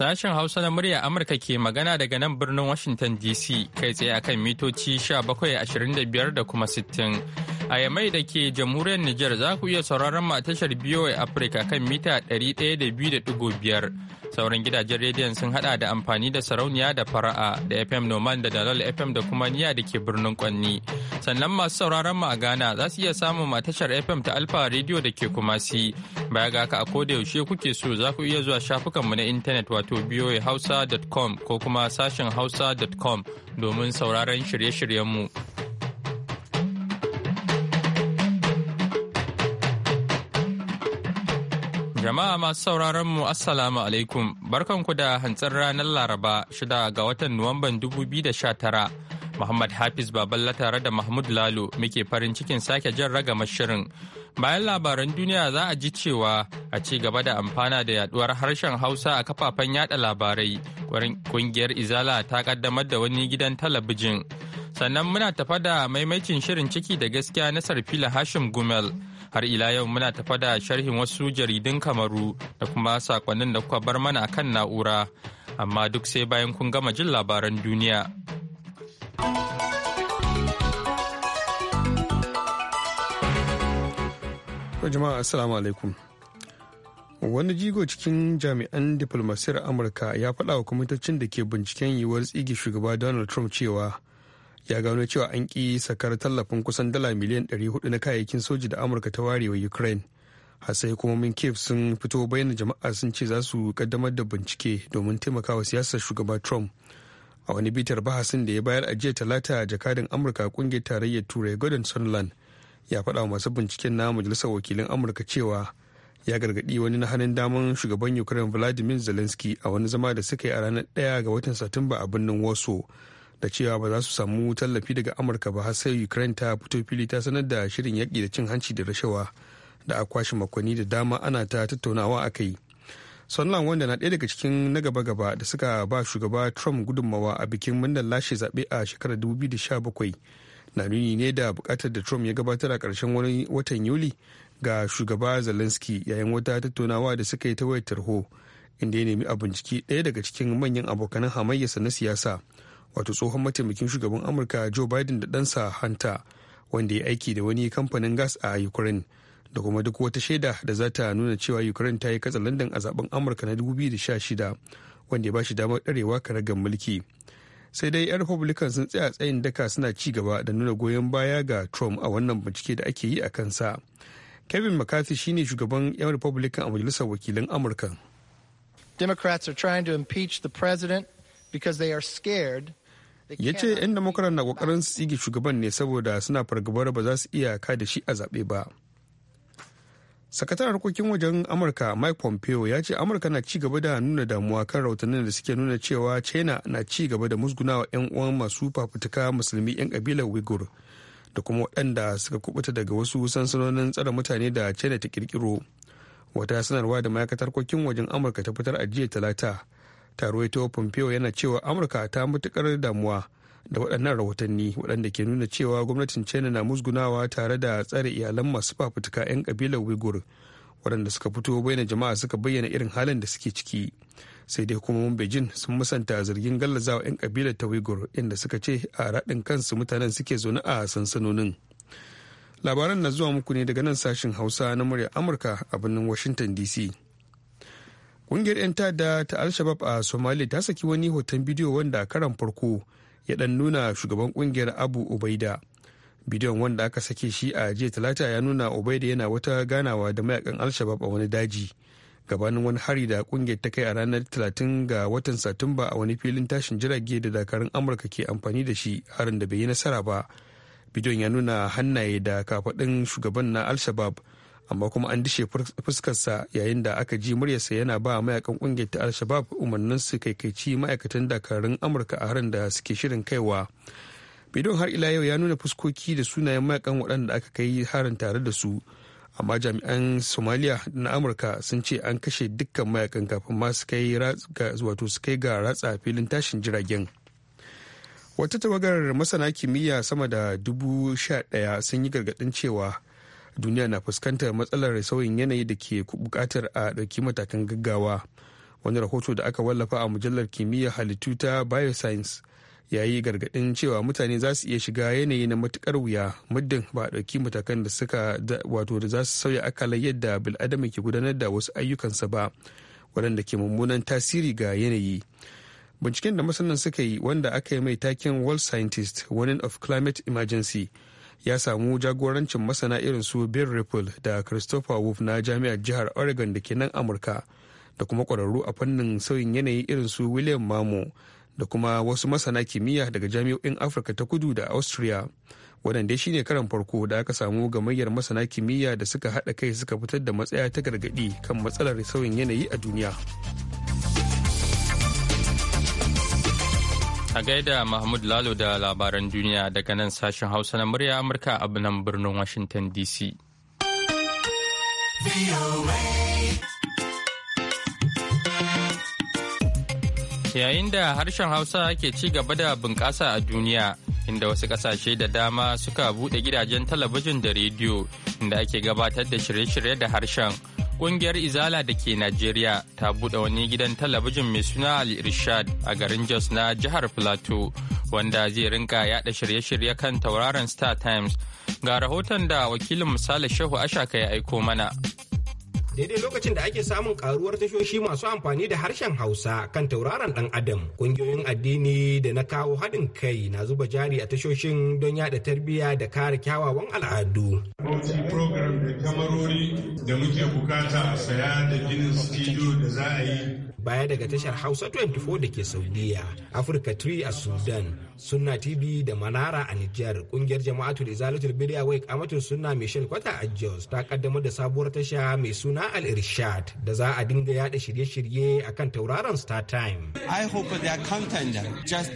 Sashen Hausa na murya Amurka ke magana daga nan birnin Washington DC kai tsaye akan mitoci 1725 da kuma 60. A Yamai da ke jamhuriyar Nijar za ku iya sauraron mu a tashar BOA afirka kan mita 102.5. Sauran gidajen rediyon sun hada da amfani da sarauniya da fara'a da FM Noman da Dalal FM da kuma niya da ke birnin Kwanni. Sannan masu sauraron mu a Ghana za su iya samun mu a tashar FM ta Alfa Radio da ke Kumasi. Baya ga haka a koda yaushe kuke so za ku iya zuwa shafukan mu na intanet wato boahausa.com ko kuma sashen hausa.com domin sauraron shirye shiryen mu. Jama'a masu sauraron mu Assalamu alaikum barkanku da hantsar ranar Laraba shida ga watan Nuwamban 2019 Muhammad Hafiz Baballa tare da Mahmud Lalo muke farin cikin sake jan ragamar shirin. Bayan labaran duniya za a ji cewa a ci gaba da amfana da yaduwar harshen Hausa a kafafen yada labarai kungiyar Izala ta kaddamar da wani gidan talabijin. Sannan muna tafa da maimaitin shirin ciki da gaskiya na Sarfila Hashim Gumel. Har ila yau muna tafa da sharhin wasu jaridun Kamaru da kuma sakonnin da kuka bar mana kan na'ura. Amma duk sai bayan kun gama jin labaran duniya. jama'a assalamu alaikum wani jigo cikin jami'an diplomasiyar amurka ya faɗa wa kwamitocin da ke binciken yiwuwar tsige shugaba donald trump cewa ya gano cewa an ƙi sakar tallafin kusan dala miliyan 400 na kayayyakin soji da amurka ta warewa ukraine hasai kuma min kiev sun fito bayyana jama'a sun ce za su kaddamar da bincike domin taimakawa siyasar shugaba trump a wani bitar bahasin da ya bayar a jiya talata jakadin amurka kungiyar tarayyar turai gordon sunland ya faɗa masu binciken na majalisar wakilin amurka cewa ya gargaɗi wani na hannun daman shugaban ukraine vladimir zelensky a wani zama da suka yi a ranar 1 ga watan satumba a birnin woso. da cewa ba za su samu tallafi daga amurka ba har sai ukraine ta fito fili ta sanar da shirin yaƙi da cin hanci da rashawa da a kwashe makonni da dama ana ta tattaunawa a kai sonlan wanda na ɗaya daga cikin na gaba-gaba da suka ba shugaba trump gudummawa a bikin murnar lashe zaɓe a shekarar 2017 na nuni ne da buƙatar da trump ya gabatar a ƙarshen watan yuli ga shugaba zelensky yayin wata tattaunawa da suka yi ta wayar tarho inda ya nemi a bincike ɗaya daga cikin manyan abokanan hamayyarsa na siyasa wato tsohon mataimakin shugaban amurka joe biden da ɗansa hanta wanda ya aiki da wani kamfanin gas a ukraine da kuma duk wata shaida da za ta nuna cewa ukraine ta yi katsalandan a zaben amurka na 2016 wanda ya ba shi damar ɗarewa karagar mulki sai dai 'yan republican sun tsaya tsayin daka suna ci gaba da nuna goyon baya ga trump a wannan bincike da ake yi a kansa kevin mccarthy shine shugaban 'yan republican a majalisar wakilan amurka democrats are trying to impeach the president because they are scared ya ce 'yan demokrat na kokarin su tsige shugaban ne saboda suna fargabar ba za su iya ka da shi a zaɓe ba sakataren harkokin wajen amurka mike pompeo ya ce amurka na ci gaba da nuna damuwa kan rahotannin da suke nuna cewa china na ci gaba da musgunawa 'yan uwan masu fafutuka musulmi 'yan kabilar uighur da kuma waɗanda suka kubuta daga wasu sansanonin tsare mutane da china ta kirkiro wata sanarwa da ma'aikatar harkokin wajen amurka ta fitar a jiya talata taro pompeo yana cewa amurka ta matukar damuwa da waɗannan rahotanni waɗanda ke nuna cewa gwamnatin china na musgunawa tare da tsare iyalan masu fafutuka 'yan kabilar uighur waɗanda suka fito bayan jama'a suka bayyana irin halin da suke ciki sai dai kuma mun beijing sun musanta zargin gallazawa 'yan kabilar ta uighur inda suka ce a raɗin kansu mutanen suke zaune a sansanonin labaran na zuwa muku ne daga nan sashen hausa na murya amurka a birnin washington dc Ƙungiyar 'yan tada ta alshabab a Somalia ta saki wani hoton bidiyo wanda a karan farko ya ɗan nuna shugaban ƙungiyar Abu Ubaida. Bidiyon wanda aka sake shi a jiya talata ya nuna Ubaida yana wata ganawa da mayakan alshabab a wani daji. Gabanin wani hari da ƙungiyar ta kai a ranar 30 ga watan Satumba a wani filin tashin jirage da dakarun Amurka ke amfani da shi harin da bai yi nasara ba. Bidiyon ya nuna hannaye da kafaɗin shugaban na Al-Shabab. alshabab amma kuma an dishe fuskarsa yayin da aka ji muryarsa yana ba mayakan kungiyar ta al-shabab umarnin su kaikaici ma'aikatan dakarun amurka a harin da suke shirin kaiwa bidon har ila yau ya nuna fuskoki da sunayen mayakan waɗanda aka kai harin tare da su amma jami'an somaliya na amurka sun ce an kashe dukkan mayakan kafin ma su kai wato su kai ga ratsa filin tashin jiragen wata tawagar masana kimiyya sama da dubu sha ɗaya sun yi gargaɗin cewa duniya na fuskantar matsalar sauyin yanayi da ke bukatar a ɗauki matakan gaggawa wani rahoto da aka wallafa a mujallar kimiyya halittu ta bioscience ya yi gargaɗin cewa mutane za su iya shiga yanayi na matukar wuya muddin ba a ɗauki matakan da suka wato da za su sauya akala yadda bil'adama ke gudanar da wasu ayyukansa ba waɗanda ke mummunan tasiri ga yanayi binciken da masanan suka yi wanda aka yi mai takin world scientist warning of climate emergency ya samu jagorancin masana irin su bill ripple da christopher wolf na jami'ar jihar oregon da ke nan amurka da kuma kwararru a fannin sauyin yanayi irin su william mamo da kuma wasu masana kimiyya daga jami'o'in afirka ta kudu da austria waɗanda ne karan farko da aka samu gamayyar masana kimiyya da suka haɗa kai suka fitar da matsaya ta gargaɗi kan matsalar sauyin yanayi a duniya. A gaida Mahmud Lalo da labaran duniya daga nan sashen Hausa na murya Amurka a nan birnin Washington DC. Yayin da harshen Hausa ke ci gaba da bunƙasa a duniya, inda wasu ƙasashe da dama suka buɗe gidajen talabijin da rediyo inda ake gabatar da shirye-shirye da harshen kungiyar Izala da ke Najeriya ta buɗe wani gidan talabijin mai suna Ali Rishad a garin Jos na jihar plateau wanda zai rinka yaɗa shirye-shirye kan tauraron Star Times. Ga rahoton da wakilin misali Shehu Ashaka ya aiko mana. daidai lokacin da ake samun karuwar tashoshi masu amfani da harshen hausa kan tauraron dan adam kungiyoyin addini da na kawo haɗin kai na zuba jari a tashoshin don yada tarbiyya da kare kyawawan al'adu program da kamarori da muke bukata a saya da ginin studio da za a yi baya daga tashar Hausa 24 da ke Saudiya, Africa Tree a Sudan, Sunna TV da Manara a Nijar, kungiyar da Izalatul Bidiya Wai Kamatul Sunna Michelle Kwata a Jos ta kaddamar da sabuwar tasha mai suna Al Irshad da za a dinga yada shirye-shirye akan tauraron Star Time. I hope their content just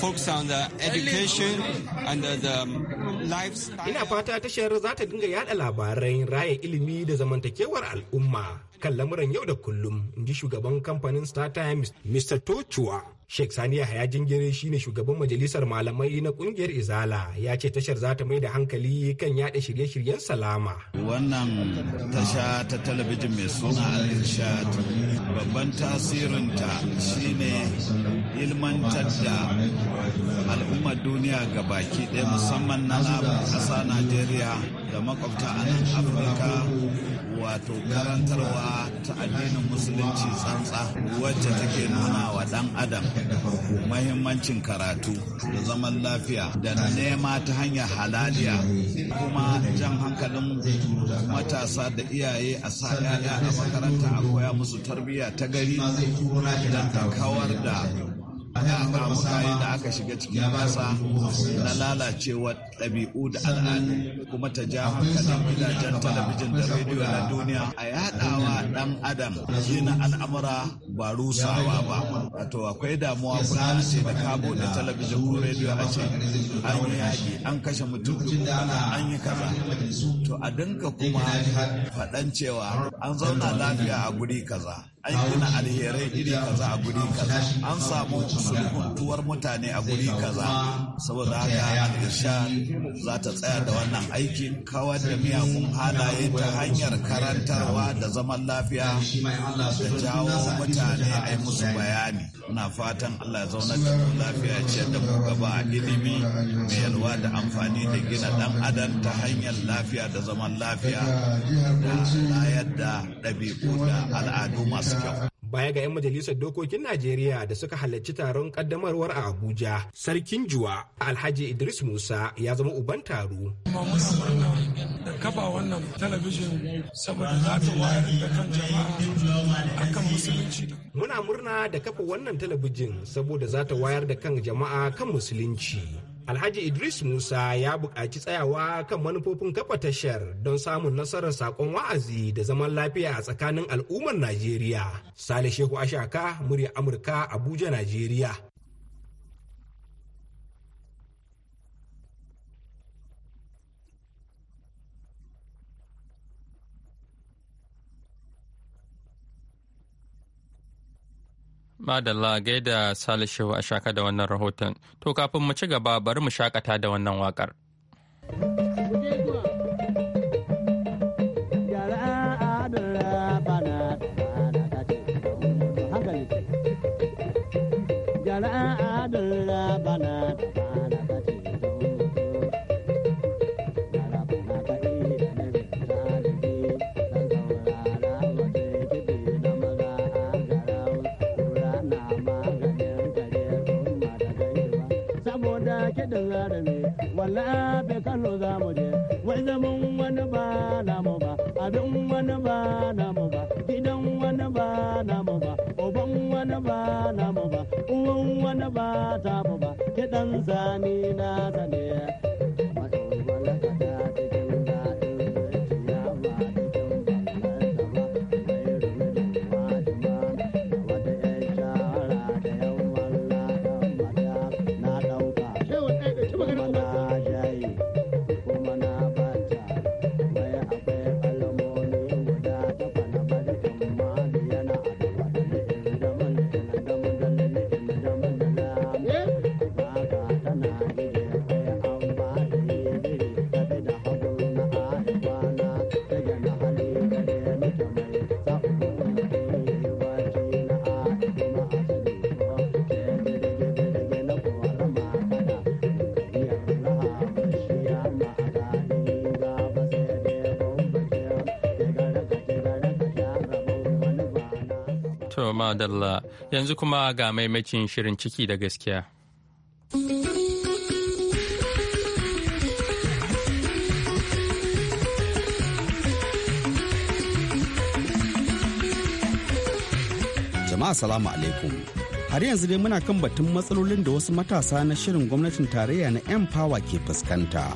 focus on the education and the lifestyle. Ina fata tashar za ta dinga yada labarai raya ilimi da zamantakewar al'umma kan lamuran yau da kullum, in ji shugaban kamfanin StarTimes Mr. Tochua. Sheikh Sani Yahaya Jingire shine shugaban majalisar malamai na kungiyar Izala ya ce tashar za ta mai da hankali kan yada shirye-shiryen salama. Wannan tasha ta talabijin mai suna Al-Irshad babban tasirinta shine ilmantar da al'ummar duniya ga baki ɗaya musamman na ƙasa Najeriya da makwabta a nan Afirka wato karantarwa ta addinin musulunci tsantsa wacce take nuna wa ɗan adam da farko mahimmancin karatu da zaman lafiya da nema ta hanyar halaliya kuma jan hankalin matasa da iyaye a sa yaya a makaranta a koya musu tarbiyya ta gari da kawar da da aka shiga cikin ƙasa na lalacewa ɗabi'u da al'adu kuma ta ja hankalin gidajen talabijin da rediyo na duniya a yaɗawa ɗan adam gina al'amura ba rusawa ba wato akwai damuwa kuna ce da kabo da talabijin ko rediyo a ce an yi yaƙi an kashe mutum an yi kaza to a dinka kuma faɗan cewa an zauna lafiya a guri kaza an gina alherai iri kaza a guri kaza an samu sulhuntuwar mutane a guri kaza saboda haka al'isha za ta tsaya da wannan aikin kawar da miyagun halaye ta hanyar karantarwa da zaman lafiya da jawo mutane a yi musu bayani na fatan allah ya zaunar da lafiya ce da mu gaba ilimi mai yalwa da amfani da gina dan adam ta hanyar lafiya da zaman lafiya da layar da ɗabi'u da al'adu masu baya ga 'yan majalisar dokokin Najeriya da suka halarci taron kaddamarwar a Abuja. Sarkin Juwa Alhaji Idris Musa ya zama uban taro. kafa Muna murna da kafa wannan talabijin saboda za ta wayar da kan jama'a kan musulunci. Alhaji Idris Musa ya buƙaci tsayawa kan manufofin kafa tashar don samun nasarar saƙon wa'azi da zaman lafiya a tsakanin al'ummar Najeriya. Sale Shehu Ashaka, murya Amurka, Abuja, Najeriya. Madalla gaida Salishu a shaka da wannan rahoton. To kafin mu ci gaba bari mu shakata da wannan waƙar. walla be kano za mu je wai zaman wani ba namu ba abin wani ba namu ba gidan wani ba namu ba oban wani ba namu ba uwan wani ba tamu ba kiɗan zani na sane madalla yanzu kuma ga maimakin shirin ciki da gaskiya. Jama'a salamu alaikum. Har yanzu dai muna kan batun matsalolin da wasu matasa na shirin gwamnatin tarayya na Empower ke fuskanta.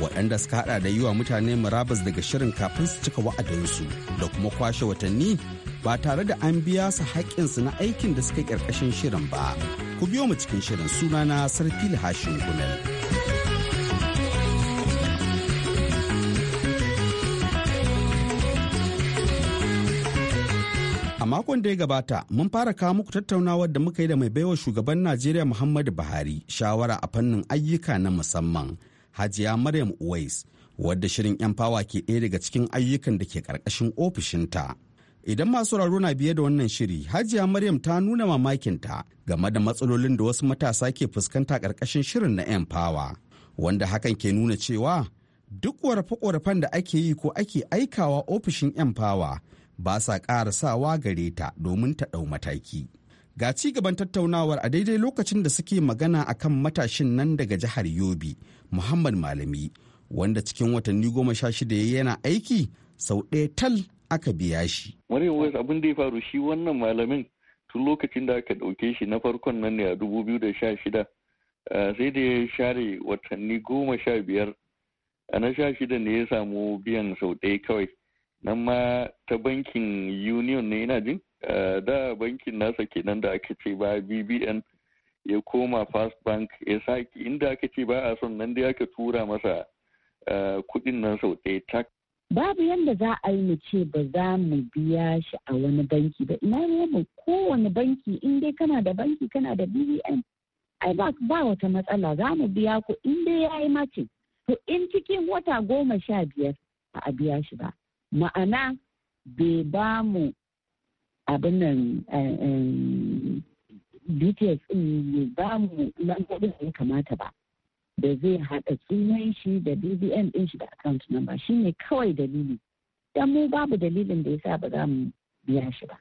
waɗanda suka haɗa da yi wa mutane murabas daga shirin kafin su cika wa'adinsu da kuma kwashe watanni ba tare da an biya su haƙƙinsu na aikin da suka ƙarƙashin shirin ba. Ku biyo mu cikin shirin suna sunana Sarfil Hashin Gumel. A makon da ya gabata mun fara kawo muku tattaunawar da muka yi da mai baiwa shugaban Najeriya Muhammadu Buhari shawara a fannin ayyuka na musamman Hajiya Maryam Uwais wadda shirin 'yan fawa ke ɗaya daga cikin ayyukan da ke ƙarƙashin ofishinta. Idan masu sauraro na biye da wannan shiri, Hajiya Maryam ta nuna mamakinta game da matsalolin da wasu matasa ke fuskanta ƙarƙashin shirin na Empower, wanda hakan ke nuna cewa duk ƙorafe-ƙorafen da ake yi ko ake aikawa ofishin Empower ba sa ƙara sawa gare ta domin ta ɗau mataki. Ga ci gaban tattaunawar a daidai lokacin da suke magana akan matashin nan daga jihar Yobe, Muhammad Malami, wanda cikin watanni goma sha shida yana aiki sau ɗaya tal aka biya shi. Wani West abin da ya faru shi wannan malamin tun lokacin da aka ɗauke shi na farkon nan ne a 2016 sai da ya share watanni goma sha biyar a na sha shida ne ya samu biyan sau ɗaya kawai nan ma ta bankin union ne yana jin da bankin nasa kenan da aka ce ba bbn ya koma fast bank ya saki inda aka ce ba a son nan dai aka tura masa kudin nan sau ɗaya tak babu yadda za a yi mu ce ba za mu biya shi a wani banki ba ina mu kowane banki in dai kana da banki kana da bbn ai ba wata matsala za mu biya ku in dai ya yi mace to in cikin wata goma sha biyar ba a biya shi ba ma'ana bai ba mu abin nan eh, eh, dts eh, ba mu lambobin da ya kamata ba da zai haɗa sunan shi da bbn ɗin shi da account number shi ne kawai dalili dan mu babu dalilin da yasa ba za mu biya shi ba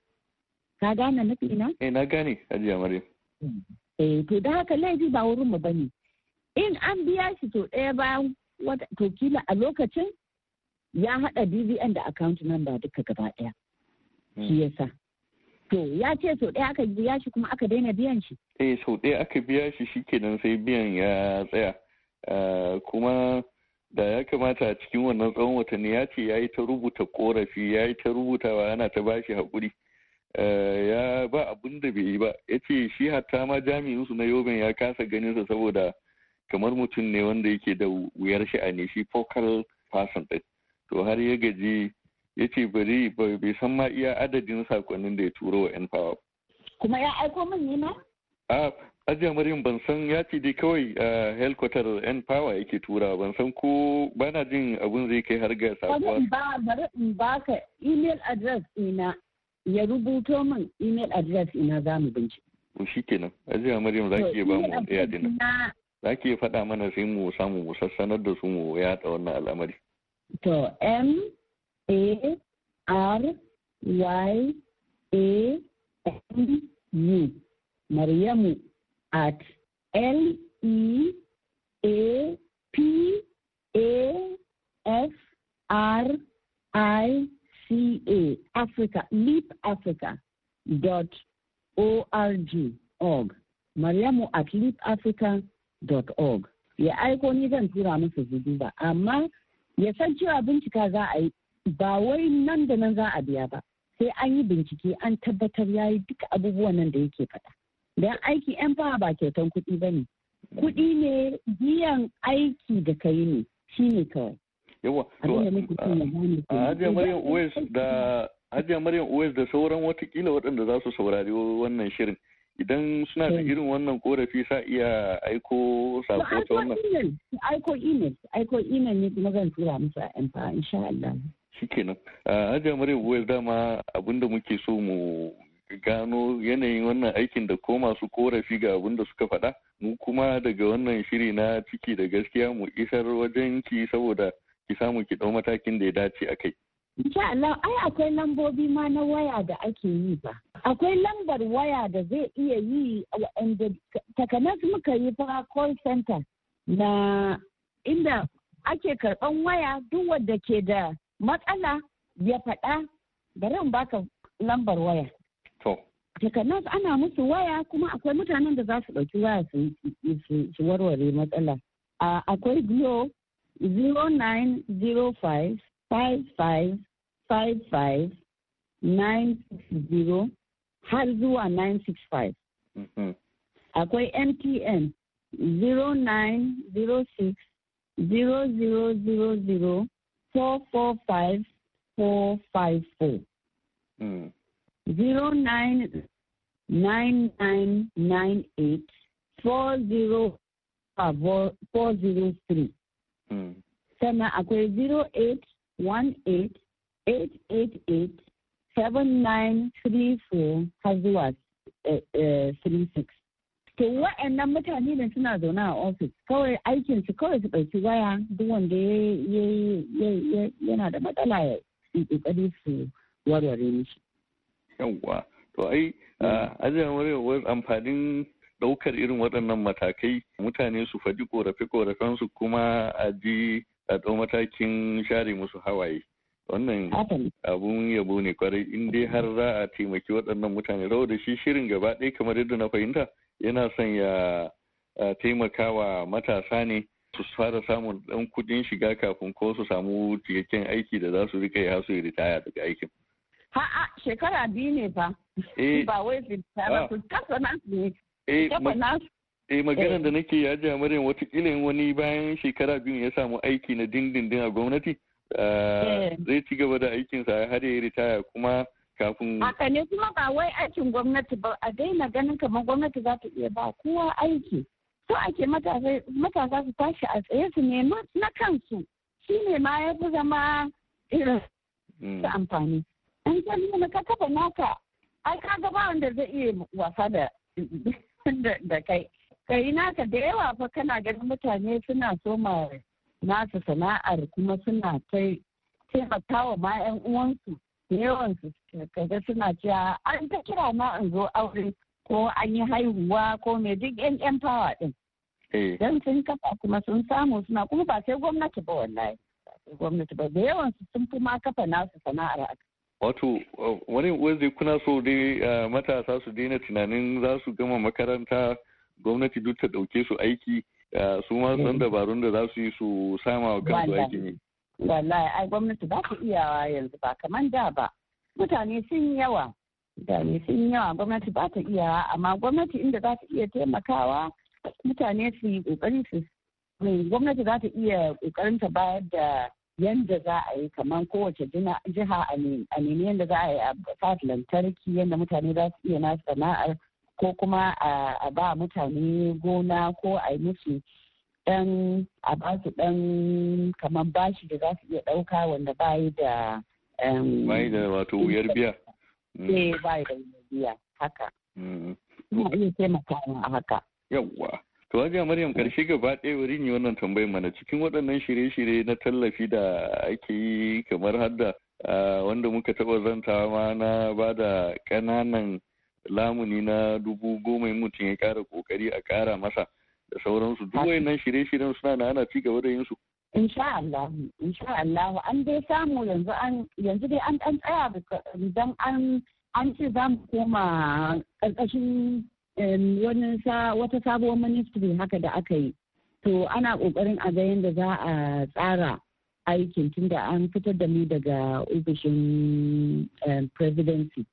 ka gane nufi na eh na gane hajiya maryam eh to da haka laifi ba wurin mu bane in an biya shi to ɗaya bayan wata to kila a lokacin ya haɗa bbn da account number duka gaba ɗaya hmm. shi yasa To ya ce sau ɗaya aka biya shi kuma aka daina biyan shi? Eh sau ɗaya aka biya shi shikenan sai biyan ya tsaya. Eh, kuma da ya kamata a cikin wannan tsawon watanni ya ce ya yi ta rubuta korafi ya yi ta rubutawa yana ta bashi haƙuri eh, ya ba abin da bai yi ba ya ce shi hatta ma jami'in su na yoben ya kasa ganin ganinsa saboda kamar mutum ne wanda yake da wuyar sha'ani shi focal person ɗin to har ya gaji ya ce bari bai san ma iya adadin sakonnin da ya turo wa 'yan fawa kuma ya aiko min ne ma? Ajiya Maryam ban san ya ce dai kawai a helkwatar yan fawa yake tura ban san ko bana jin abun zai kai har ga sabuwa. Ba bari in baka email address ina ya rubuto min email address ina za mu bincike. To shi kenan Ajiya Maryam za ki ba mu ɗaya dina. Za ki iya faɗa mana sai mu samu mu sassanar da su mu yaɗa wannan al'amari. To M A R Y A M U Maryamu at L E A P A F R I C A Africa Leap Africa dot O R G org. Maryamu at leapafrica dot org. Ya aiko ni zan tura masa ba amma ya san cewa bincika za a yi ba wai nan da nan za a biya ba sai an yi bincike an tabbatar ya yi duka abubuwan nan da yake faɗa. don aiki yan fawa ba kyautan kuɗi ba ne kuɗi ne biyan aiki da ka yi ne shi ne kawai yawa hajiya maryam uwais da sauran watakila waɗanda za su saurari wannan shirin idan suna da eh. irin wannan korafi sa iya aiko sako ta wannan aiko email aiko email ne kuma zan tura musu a yan fa insha Allah shikenan hajiya maryam uwais dama abinda muke so mu gano yanayin wannan aikin da ko masu korafi ga abin da suka faɗa mu kuma daga wannan shiri na ciki da gaskiya mu isar wajen ki saboda ki samu ki ɗau matakin da ya dace a kai. Insha Allah ai akwai lambobi ma na waya da ake yi ba. Akwai lambar waya da zai iya yi wa'anda takanas muka yi fa call center na inda ake karɓan waya duk wadda ke da matsala ya faɗa bari in baka lambar waya. takanas ana musu waya kuma akwai mutanen da za su ɗauki waya su warware matsala akwai glo 0905 55 960 har zuwa 965 mm-hmm. akwai mtn 0906 0000 445 454 09 9998 403 uh, hmm. sannan akwai 0818 888 7934 har zuwa 36 to wa'annan mutane ne suna zaune a ofis kawai aikin kawai su ɗauki waya duk wanda yana da matsala ya ƙoƙari su warware mishi yawwa to ai ajiyar hmm. wani amfanin ɗaukar irin waɗannan matakai mutane su faɗi ƙorafe su kuma a ji a ɗau matakin share musu hawaye wannan abun yabo ne kwarai in dai har za a taimaki waɗannan mutane rawa da shi shirin gaba ɗaya kamar yadda na fahimta yana son ya taimakawa matasa ne su fara samun ɗan kudin shiga kafin ko su samu cikakken aiki da za su rika ya su ritaya daga aikin Ha'a shekara biyu ne fa. Eh. Ba wai fita ba ah. su eh, kasa nasu ne. nasu. Eh maganar eh. da nake ya a Maryam ilin wani bayan shekara biyu ya samu aiki na dindindin a gwamnati. Ah, zai ci gaba da aikinsa har ya ritaya kuma kafin. Haka ne kuma ba wai aikin gwamnati ba a daina ganin kamar gwamnati za ta iya ba kowa aiki. So ake matasa su tashi a tsaye su nema na kansu. Shi ne ma ya fi zama irin hmm. su amfani. in ka nuna ka kafa naka ai ka ga ba wanda zai iya wasa da da kai kai naka da yawa fa kana ganin mutane suna soma nasu sana'ar kuma suna kai taimakawa ma yan uwansu yawan su kaga suna cewa an ta kira ma an zo aure ko an yi haihuwa ko me duk yan yan fawa din eh. dan sun kafa kuma sun samu suna kuma ba sai gwamnati ba wallahi gwamnati ba da yawan su sun fi ma kafa nasu sana'ar wato uh, wani wanzu kuna so dai uh, matasa su daina tunanin za su gama makaranta gwamnati duk ta ɗauke su aiki uh, su ma san mm-hmm. dabarun da za su yi su sama wa kansu aiki ne. Wallahi ai gwamnati ba ta iyawa yanzu ba kamar da ba. Mutane sun yawa. Mutane sun yawa gwamnati ba ta iyawa amma gwamnati inda za ta iya taimakawa mutane su yi kokari su gwamnati za ta iya kokarin ta bayar da yadda za a yi kamar kowace jiha a nemi yadda za a yi a fat lantarki yadda mutane za su iya na sana'ar ko kuma a ba mutane gona ko a yi musu dan a ba su dan kamar bashi da za su iya ɗauka wanda ba yi da bayi da wato wuyar biya mm. eh bayi da wuyar biya haka mm-hmm. ina iya taimakawa a haka yawwa To ga Maryam karshe gaba ɗaya wuri ne wannan tambayin mana cikin waɗannan shirye-shirye na tallafi da ake yi kamar hadda wanda muka taɓa zantawa ma na ba da ƙananan lamuni na dubu goma mutum ya ƙara ƙoƙari a ƙara masa da sauransu duk wayannan shirye-shiryen suna na ana ci gaba da yin su. Insha Allah, insha Allah an dai samu yanzu an yanzu dai an ɗan tsaya don an an ce za mu koma ƙarƙashin Um, wata sabuwar ministry haka da aka yi to ana kokarin a ga yadda za a tsara aikin tunda an fitar da mu daga ofishin um, presidency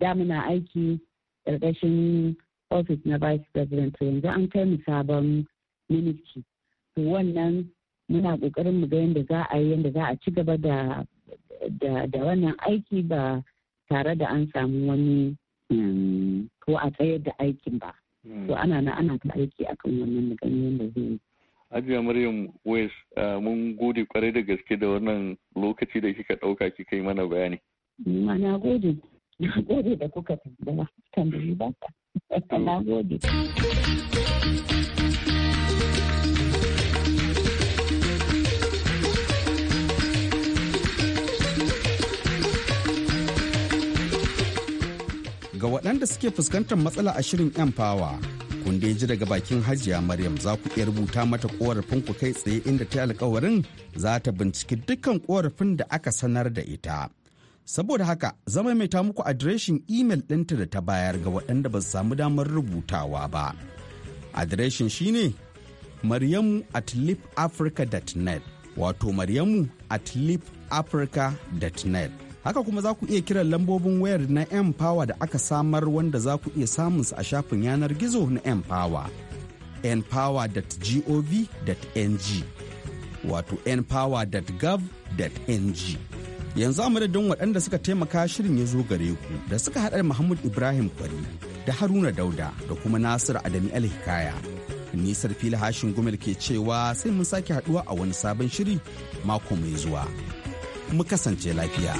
da muna aiki ƙarƙashin office na vice president yanzu an kai mu sabon ministry to wannan muna ƙoƙarin mu ga yadda za a yi yadda za a ci gaba da da wannan aiki ba tare da an samu wani ko a tsayar da aikin ba to hmm. ana na ana ta aiki akan wannan ganin yadda zai Hajiya Maryam Wes eh, mun gode kwarai da gaske da wannan lokaci da kika ɗauka kika yi mana bayani. Ma na gode, na gode da kuka tambaya, tambayi ba ka. Na gode. ga waɗanda suke fuskantar matsala a shirin 'yan fawa. Kun ji daga bakin Hajiya Maryam za ku iya rubuta mata korafin ku kai tsaye inda ta alkawarin za ta binciki dukkan korafin da aka sanar da ita. Saboda haka zama mai ta muku adireshin imel ɗinta da ta bayar ga waɗanda ba su samu damar rubutawa ba. Adireshin shine maryamu at leafafrica.net wato maryamu at leafafrica.net Haka kuma za ku iya kiran lambobin wayar na Empower da aka samar wanda za ku iya samun su a shafin yanar gizo na Empower. npower.gov.ng wato npower.gov.ng yanzu a waɗanda suka taimaka shirin ya zo gare ku da suka haɗar Muhammad Ibrahim Kwari da Haruna Dauda da kuma Nasiru Adami Alhikaya. Nisar fili hashin gumel ke cewa sai mun sake haɗuwa a wani sabon shiri mako mai zuwa. mu kasance lafiya.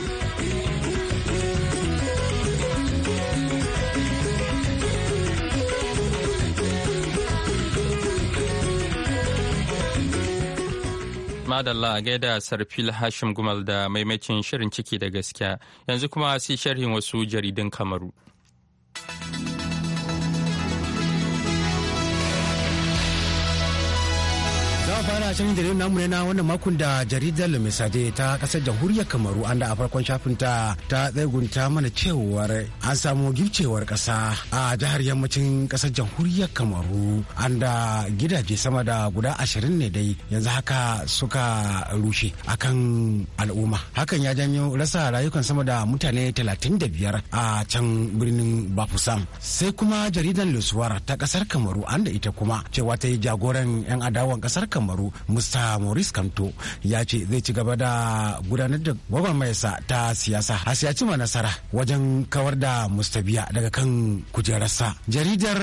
Madalla a gaida Sarfil Hashim Gumal da maimacin shirin ciki da gaskiya yanzu kuma sai sharhin wasu jaridun Kamaru. fara shan jaridar namu na wannan makon da jaridar Lumisade ta kasar jamhuriyar Kamaru an da a farkon shafin ta ta tsegunta mana cewar an samu gibcewar kasa a jihar yammacin kasar jamhuriyar Kamaru an da gidaje sama da guda ashirin ne dai yanzu haka suka rushe akan al'umma hakan ya janyo rasa rayukan sama da mutane talatin da biyar a can birnin Bafusam sai kuma jaridar Lusuwar ta kasar Kamaru an da ita kuma cewa ta yi jagoran 'yan adawan kasar Kamaru mr maurice kamto ya ce zai ci gaba da gudanar da gwagwarmayarsa ta siyasa a siyaci ma nasara wajen kawar da mustabiya daga kan kujerarsa jaridar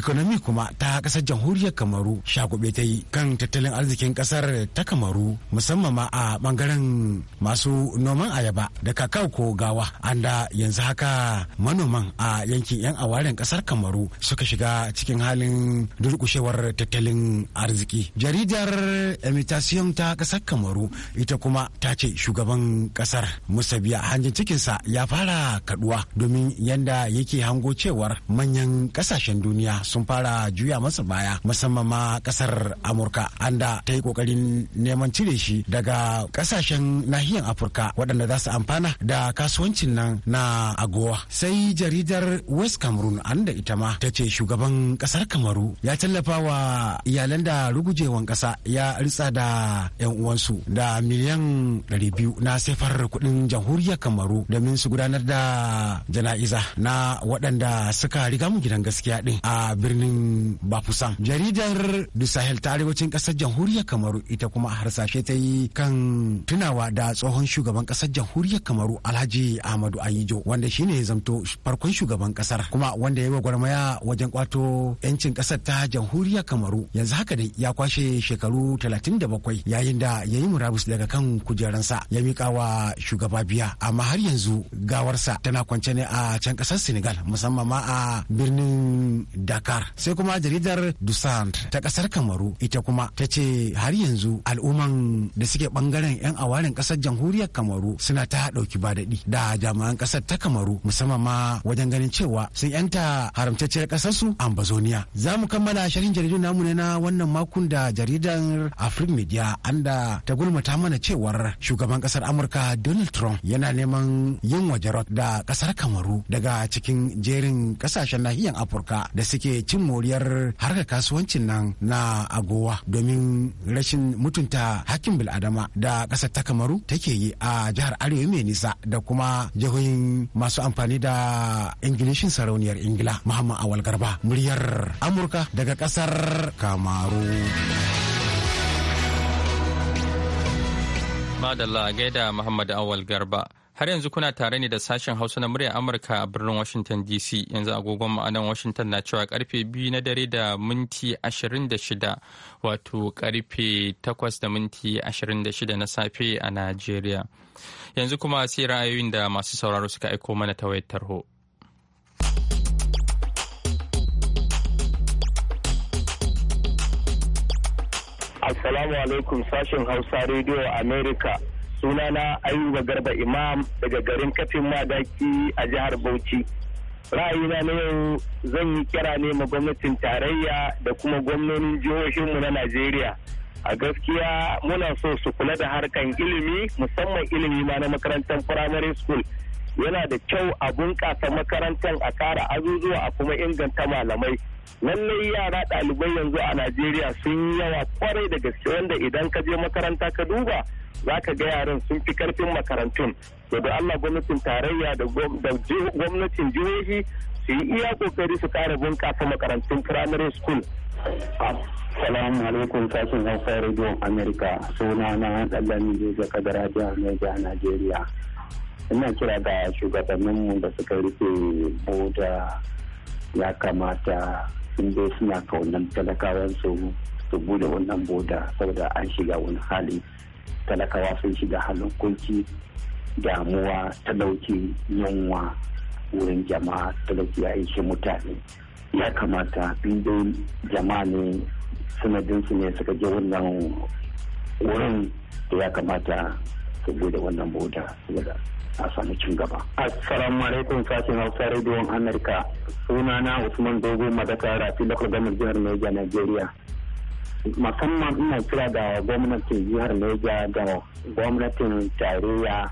economy kuma ta kasar jamhuriyar kamaru shagube ta yi kan tattalin arzikin kasar ta kamaru musamman ma a bangaren masu noman ayaba da kakao ko gawa anda yanzu haka manoman a yankin yan awaren kasar kamaru suka shiga cikin halin durkushewar tattalin arziki jaridar imitation ta kasar kamaru ita kuma ta ce shugaban kasar musabiya hanjin cikinsa ya fara kaduwa domin yanda yake hango cewar manyan kasashen duniya sun fara juya masa baya musamman ma kasar amurka anda ta yi kokarin neman cire shi daga kasashen nahiyar afirka waɗanda za su amfana da kasuwancin nan na agowa sai jaridar west cameroon anda ita ma ta ce shugaban kasar kamaru ya tallafa wa iyalan da rugujewan kasa ya ritsa da 'yan uwansu da miliyan 200 na sefar kudin jamhuriyar kamaru domin su gudanar da jana'iza na waɗanda suka riga mu gidan gaskiya din a birnin bafusan jaridar du sahel ta arewacin ƙasar jamhuriyar kamaru ita kuma harsashe ta yi kan tunawa da tsohon shugaban ƙasar jamhuriyar kamaru alhaji ahmadu ayijo wanda shine ya zamto farkon shugaban ƙasar kuma wanda ya gwarmaya wajen kwato 'yancin ƙasar ta jamhuriyar kamaru yanzu haka dai ya kwashe shekaru shekaru 37 yayin da ya yi murabus daga kan kujeransa ya miƙa wa shugaba biya amma har yanzu gawarsa tana kwance ne a can ƙasar senegal musamman ma a birnin dakar sai kuma jaridar dusant ta ƙasar kamaru ita kuma ta ce har yanzu al'umman da suke bangaren 'yan awarin ƙasar jamhuriyar kamaru suna ta ɗauki ba daɗi da jami'an ƙasar ta kamaru musamman ma wajen ganin cewa sun 'yanta haramtacciyar ƙasarsu ambazoniya za mu kammala shirin jaridu namu na wannan makon da jaridar gidan Afrin Media anda ta gulmata mana cewar shugaban kasar Amurka Donald Trump yana neman yin wajarot da kasar Kamaru daga cikin jerin kasashen nahiyar Afirka da suke cin moriyar harkar kasuwancin nan na agowa domin rashin mutunta hakkin bil'adama da kasar ta Kamaru take yi a jihar Arewa mai nisa da kuma jihohin masu amfani da Ingilishin sarauniyar Ingila Muhammad Awal Garba muryar Amurka daga kasar Kamaru. Madalla gaida Muhammad Awal Garba. Har yanzu kuna tare ne da sashen Hausa na muryar Amurka a birnin Washington DC. Yanzu agogon nan Washington na cewa karfe biyu na dare da minti 26 wato karfe 8 da minti 26 na safe a Najeriya. Yanzu kuma sai ra'ayoyin da masu sauraro suka aiko mana ta wayar tarho. Assalamu alaikum sashen Hausa Radio America. Sunana Ayuba Garba Imam daga garin Kafin Madaki a jihar Bauchi. Ra'ayina na yau zan yi kira ne ma gwamnatin tarayya da kuma gwamnonin jihohinmu na Najeriya. A gaskiya muna so su kula da harkan ilimi musamman ilimi ma na makarantar primary school. yana da kyau a bunƙasa makarantar a ƙara azuzuwa a kuma inganta malamai lallai yara ɗalibai yanzu a najeriya sun yi yawa kwarai da gaske wanda idan ka je makaranta ka duba za ka ga yaran sun fi karfin makarantun da da allah gwamnatin tarayya da gwamnatin jihohi su yi iya kokari su ƙara bunƙasa makarantun primary school Salamu alaikum sashen Hausa Radio America suna na ɗan Lami kadara jihar Niger Nigeria. ina kira ga shugabanninmu da suka rufe boda ya kamata sun dai suna kaunan talakawan su su bude wannan boda saboda an shiga wani hali talakawa sun shiga halin kunci damuwa talauci yunwa wurin jama'a talauci ya mutane ya kamata in dai jama'a ne sanadinsu ne suka je wannan wurin da ya kamata su bude wannan boda saboda a samu cin gaba. Assalamu alaikum sashen Hausa rediyon Amurka. Sunana Usman Dogo Madaka Rafi Local Gwamnati Jihar Neja Nigeria. Musamman ina kira ga gwamnatin jihar Neja da gwamnatin tarayya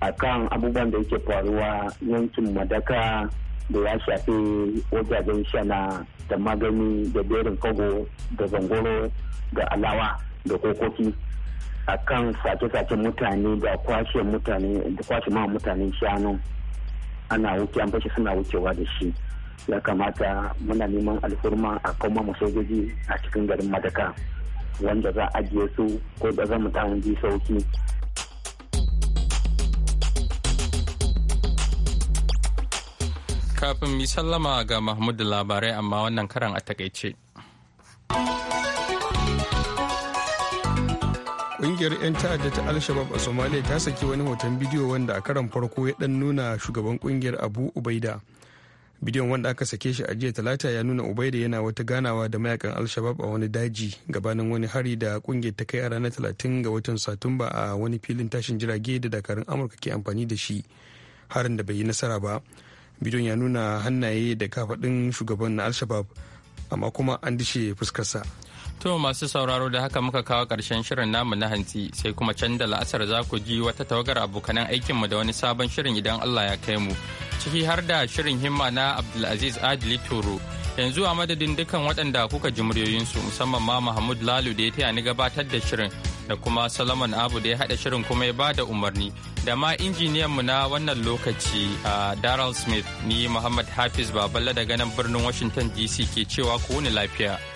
a kan abubuwan da yake faruwa yankin Madaka da ya shafi wajajen shana da magani da berin kogo da zangoro da alawa da kokoki akan sace-sace mutane da kwashe mutane da kwashe ma mutane shanu ana wuce an fashe suna wucewa da shi ya kamata muna neman alfurma a kuma mu a cikin garin madaka wanda za a ajiye su ko da za mu ji sauki kafin mi sallama ga mahmud labarai amma wannan karan a takaice. Ƙungiyar 'yan ta'adda ta al a Somalia ta saki wani hoton bidiyo wanda a karan farko ya dan nuna shugaban kungiyar Abu Ubaida. Bidiyon wanda aka sake shi a jiya talata ya nuna Ubaida yana wata ganawa da mayakan alshabab a wani daji gabanin wani hari da kungiyar ta kai a ranar talatin ga watan Satumba a wani filin tashin jirage da dakarun Amurka ke amfani da shi harin da bai yi nasara ba. Bidiyon ya nuna hannaye da kafaɗin shugaban na alshabab amma kuma an dishe fuskarsa. To masu sauraro da haka muka kawo ƙarshen shirin namu na hantsi sai kuma can da la'asar za ku ji wata tawagar abokanan aikinmu da wani sabon shirin idan Allah ya kai mu. Ciki har da shirin himma na Abdulaziz Adili Toro. Yanzu a madadin dukkan waɗanda kuka ji muryoyinsu musamman ma Mahmud Lalu da ya taya ni gabatar da shirin da kuma Solomon Abu da ya haɗa shirin kuma ya ba da umarni da ma injiniyanmu na wannan lokaci a Daryl Smith ni Muhammad Hafiz Baballa daga nan birnin Washington DC ke cewa ku wuni lafiya.